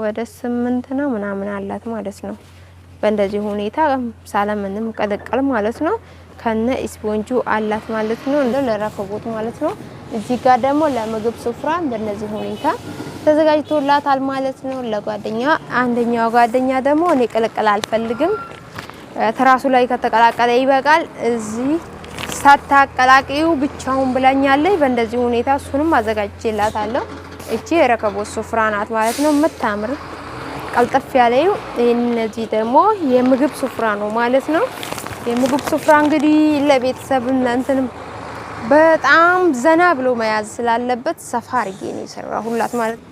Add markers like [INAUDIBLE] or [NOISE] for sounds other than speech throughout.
ወደ ስምንት ነው ምናምን አላት ማለት ነው። በእንደዚህ ሁኔታ ሳለምንም ቀለቀል ማለት ነው። ከነ ስፖንጁ አላት ማለት ነው። እንደው ለረከቦት ማለት ነው። እዚህ ጋር ደግሞ ለምግብ ስፍራ በእንደዚህ ሁኔታ ተዘጋጅቶላታል ማለት ነው። ለጓደኛ አንደኛው ጓደኛ ደግሞ እኔ ቅልቅል አልፈልግም ትራሱ ላይ ከተቀላቀለ ይበቃል፣ እዚህ ሳታቀላቅዩ ብቻውን ብላኛለች። በእንደዚህ ሁኔታ እሱንም አዘጋጅቼላታለሁ። እቺ የረከቦት ስፍራ ናት ማለት ነው። የምታምር ቀልጠፍ ያለ እነዚህ ደግሞ የምግብ ስፍራ ነው ማለት ነው። የምግብ ስፍራ እንግዲህ ለቤተሰብ እንትንም በጣም ዘና ብሎ መያዝ ስላለበት ሰፋ አድርጌ ነው የሰራሁላት ማለት ነው።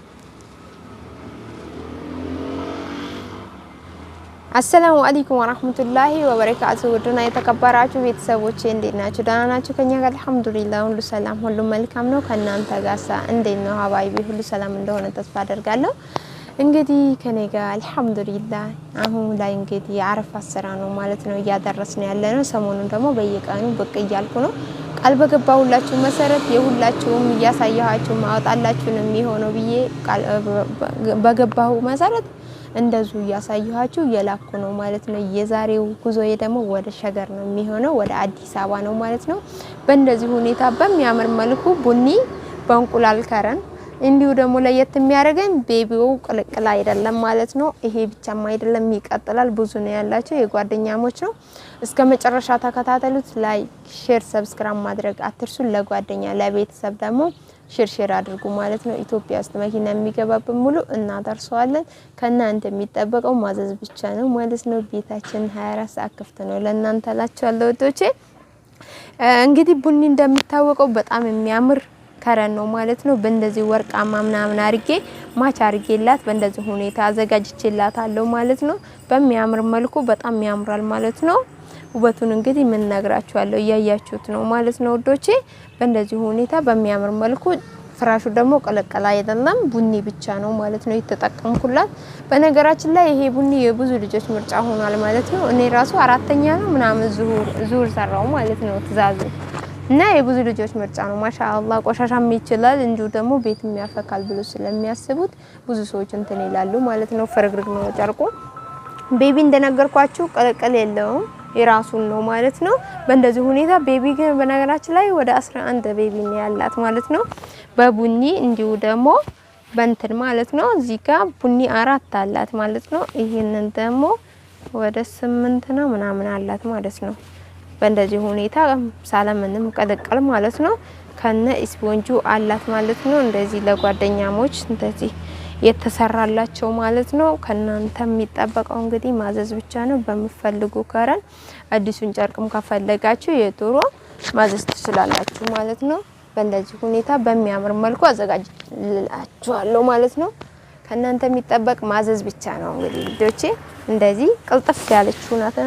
አሰላሙ አለይኩም ወራህመቱላሂ ወበረካቱ። ውድና የተከበራችሁ ቤተሰቦቼ እንዴት ናችሁ? ደህና ናችሁ? ከኛ ጋር አልሐምዱሊላህ ሁሉ ሰላም፣ ሁሉ መልካም ነው። ከእናንተ ጋሳ እንዴት ነው? ሀባይቢ ሁሉ ሰላም እንደሆነ ተስፋ አደርጋለሁ። እንግዲህ ከኔ ጋር አልሐምዱሊላህ አሁን ላይ እንግዲህ የአረፋ ስራ ነው ማለት ነው እያደረስን ያለ ነው። ሰሞኑን ደግሞ በየቀኑ ብቅ እያልኩ ነው። ቃል በገባ ሁላችሁ መሰረት የሁላችሁም እያሳየኋችሁ ማወጣላችሁን የሚሆነው ብዬ በገባሁ መሰረት እንደዙ እያሳየኋችሁ የላኩ ነው ማለት ነው። የዛሬው ጉዞ ደግሞ ወደ ሸገር ነው የሚሆነው፣ ወደ አዲስ አበባ ነው ማለት ነው። በእንደዚህ ሁኔታ በሚያምር መልኩ ቡኒ በእንቁላል ከረን እንዲሁ ደግሞ ለየት የሚያደርገን ቤቢው ቅልቅል አይደለም ማለት ነው። ይሄ ብቻም አይደለም ይቀጥላል። ብዙ ነው ያላቸው የጓደኛሞች ነው። እስከ መጨረሻ ተከታተሉት። ላይክ፣ ሼር፣ ሰብስክራይብ ማድረግ አትርሱ። ለጓደኛ ለቤተሰብ ደግሞ ሼር ሼር አድርጉ ማለት ነው። ኢትዮጵያ ውስጥ መኪና የሚገባብን ሙሉ እናደርሰዋለን። ከእናንተ የሚጠበቀው ማዘዝ ብቻ ነው ማለት ነው። ቤታችን 24 ሰዓት ክፍት ነው ለእናንተ ላችኋለሁ ወዶቼ። እንግዲህ ቡኒ እንደሚታወቀው በጣም የሚያምር ከረን ነው ማለት ነው። በእንደዚህ ወርቃማ ምናምን አርጌ ማች አርጌላት በእንደዚህ ሁኔታ አዘጋጅቼላታለሁ ማለት ነው። በሚያምር መልኩ በጣም ያምራል ማለት ነው። ውበቱን እንግዲህ ምን ነግራችኋለሁ እያያችሁት ነው ማለት ነው ወዶቼ። በእንደዚህ ሁኔታ በሚያምር መልኩ ፍራሹ ደግሞ ቀለቀላ አይደለም ቡኒ ብቻ ነው ማለት ነው የተጠቀምኩላት። በነገራችን ላይ ይሄ ቡኒ የብዙ ልጆች ምርጫ ሆኗል ማለት ነው። እኔ ራሱ አራተኛ ነው ምናምን ዙር ሰራው ማለት ነው ትእዛዙ እና የብዙ ልጆች ምርጫ ነው። ማሻአላ ቆሻሻም ይችላል እንዲሁ ደግሞ ቤት የሚያፈካል ብሎ ስለሚያስቡት ብዙ ሰዎች እንትን ይላሉ ማለት ነው። ፍርግርግ ነው ጨርቁ። ቤቢ እንደነገርኳችሁ ቅልቅል የለውም የራሱን ነው ማለት ነው። በእንደዚህ ሁኔታ ቤቢ ግን በነገራችን ላይ ወደ 11 ቤቢ ነው ያላት ማለት ነው። በቡኒ እንዲሁ ደግሞ በእንትን ማለት ነው። እዚህ ጋር ቡኒ አራት አላት ማለት ነው። ይህንን ደግሞ ወደ ስምንት ነው ምናምን አላት ማለት ነው። በእንደዚህ ሁኔታ ሳለምንም ቀለቀል ማለት ነው። ከነ ስፖንጁ አላት ማለት ነው። እንደዚህ ለጓደኛሞች እንደዚህ የተሰራላቸው ማለት ነው። ከናንተ የሚጠበቀው እንግዲህ ማዘዝ ብቻ ነው። በምፈልጉ ከረን አዲሱን ጨርቅም ከፈለጋችሁ የጥሩ ማዘዝ ትችላላችሁ ማለት ነው። በእንደዚህ ሁኔታ በሚያምር መልኩ አዘጋጅላችኋለሁ ማለት ነው። ከእናንተ የሚጠበቅ ማዘዝ ብቻ ነው። እንግዲህ ልጆቼ እንደዚህ ቅልጥፍ ያለችው ናት።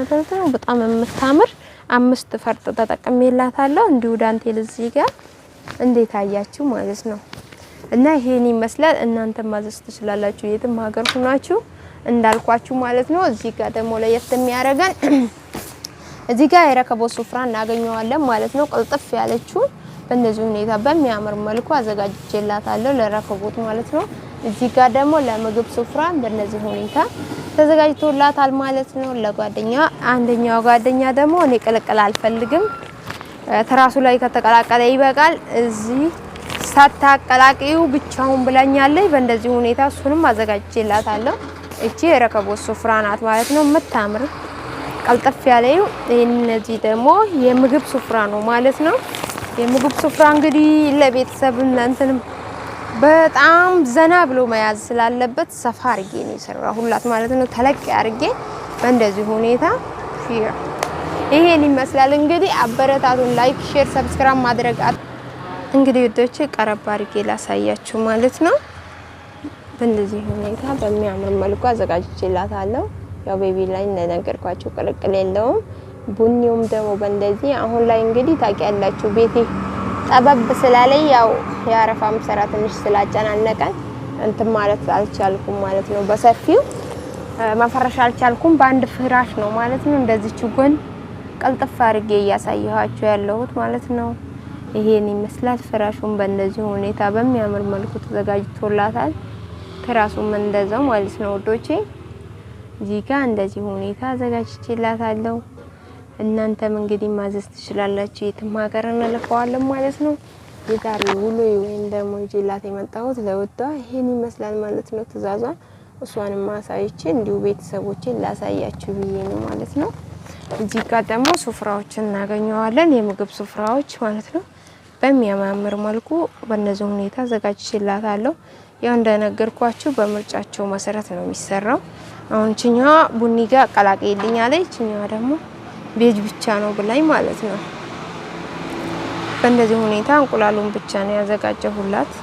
በጣም የምታምር አምስት ፈርጥ ተጠቅሜላታለሁ። እንዲሁ ዳንቴል እዚህ ጋር እንዴት አያችሁ ማለት ነው። እና ይሄን ይመስላል። እናንተ ማዘዝ ትችላላችሁ የትም ሀገር ሁናችሁ እንዳልኳችሁ ማለት ነው። እዚህ ጋር ደግሞ ለየት የሚያደርገን [CLEARS THROAT] እዚህ ጋር የረከቦት ስፍራ እናገኘዋለን ማለት ነው። ቅልጥፍ ያለችው በእንደዚህ ሁኔታ በሚያምር መልኩ አዘጋጅቼላታለሁ ለረከቦት ማለት ነው። እዚህ ጋር ደግሞ ለምግብ ስፍራ በእንደዚህ ሁኔታ ተዘጋጅቶላታል ማለት ነው ለጓደኛ። አንደኛው ጓደኛ ደግሞ እኔ ቅልቅል አልፈልግም፣ ትራሱ ላይ ከተቀላቀለ ይበቃል፣ እዚህ ሳታቀላቅዩ ብቻውን ብላኛለች። በእንደዚህ ሁኔታ እሱንም አዘጋጅቼላታለሁ። እቺ የረከቦት ስፍራ ናት ማለት ነው የምታምር ቀልጠፍ ያለው። እነዚህ ደግሞ የምግብ ስፍራ ነው ማለት ነው። የምግብ ስፍራ እንግዲህ ለቤተሰብ እናንተንም በጣም ዘና ብሎ መያዝ ስላለበት ሰፋ አርጌ ነው ሁላት ማለት ነው። ተለቅ አርጌ በእንደዚህ ሁኔታ ይሄን ይመስላል እንግዲህ። አበረታቱን። ላይክ፣ ሼር፣ ሰብስክራይብ ማድረግ እንግዲህ ውዶቼ ቀረብ አርጌ ላሳያችሁ ማለት ነው። በእንደዚህ ሁኔታ በሚያምር መልኩ አዘጋጅቼላታለሁ። ያው ቤቢ ላይ እንደነገርኳችሁ ቅልቅል የለውም። ቡኒውም ደግሞ በእንደዚህ አሁን ላይ እንግዲህ ታውቂያላችሁ ቤቴ ጠበብ ስላለኝ ያው የአረፋም ስራ ትንሽ ስላጨናነቀን እንትን ማለት አልቻልኩም ማለት ነው። በሰፊው መፈረሻ አልቻልኩም። በአንድ ፍራሽ ነው ማለት ነው። እንደዚች ጎን ቀልጥፍ አድርጌ እያሳየኋቸው ያለሁት ማለት ነው። ይሄን ይመስላል። ፍራሹን በእንደዚህ ሁኔታ በሚያምር መልኩ ተዘጋጅቶላታል። ትራሱም እንደዛው ማለት ነው ወዶቼ እዚህ እንደዚህ ሁኔታ አዘጋጅቼላታለሁ። እናንተም እንግዲህ ማዘዝ ትችላላችሁ። የትም ሀገር እንልከዋለን ማለት ነው። የዛሬ ውሎ ወይም ደግሞ ይዤላት የመጣሁት ለውዷ ይሄን ይመስላል ማለት ነው። ትእዛዟን እሷንም አሳይቼ እንዲሁ ቤተሰቦችን ላሳያችሁ ብዬ ነው ማለት ነው። እዚህ ጋር ደግሞ ስፍራዎችን እናገኘዋለን፣ የምግብ ስፍራዎች ማለት ነው። በሚያማምር መልኩ በእነዚህ ሁኔታ አዘጋጅቼላታለሁ። ያው እንደነገርኳችሁ በምርጫቸው መሰረት ነው የሚሰራው። አሁን ችኛዋ ቡኒ ጋር ይልኛለች፣ ችኛዋ ደግሞ ቤጅ ብቻ ነው ብላኝ ማለት ነው። በእንደዚህ ሁኔታ እንቁላሉን ብቻ ነው ያዘጋጀሁላት።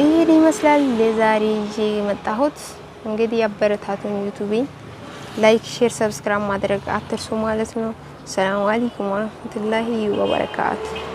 ይሄን ይመስላል ለዛሬ ይዤ የመጣሁት። እንግዲህ ያበረታቱን፣ ዩቲዩብ ላይክ፣ ሼር፣ ሰብስክራይብ ማድረግ አትርሱ ማለት ነው። ሰላም አለይኩም ወራህመቱላሂ ወበረካቱ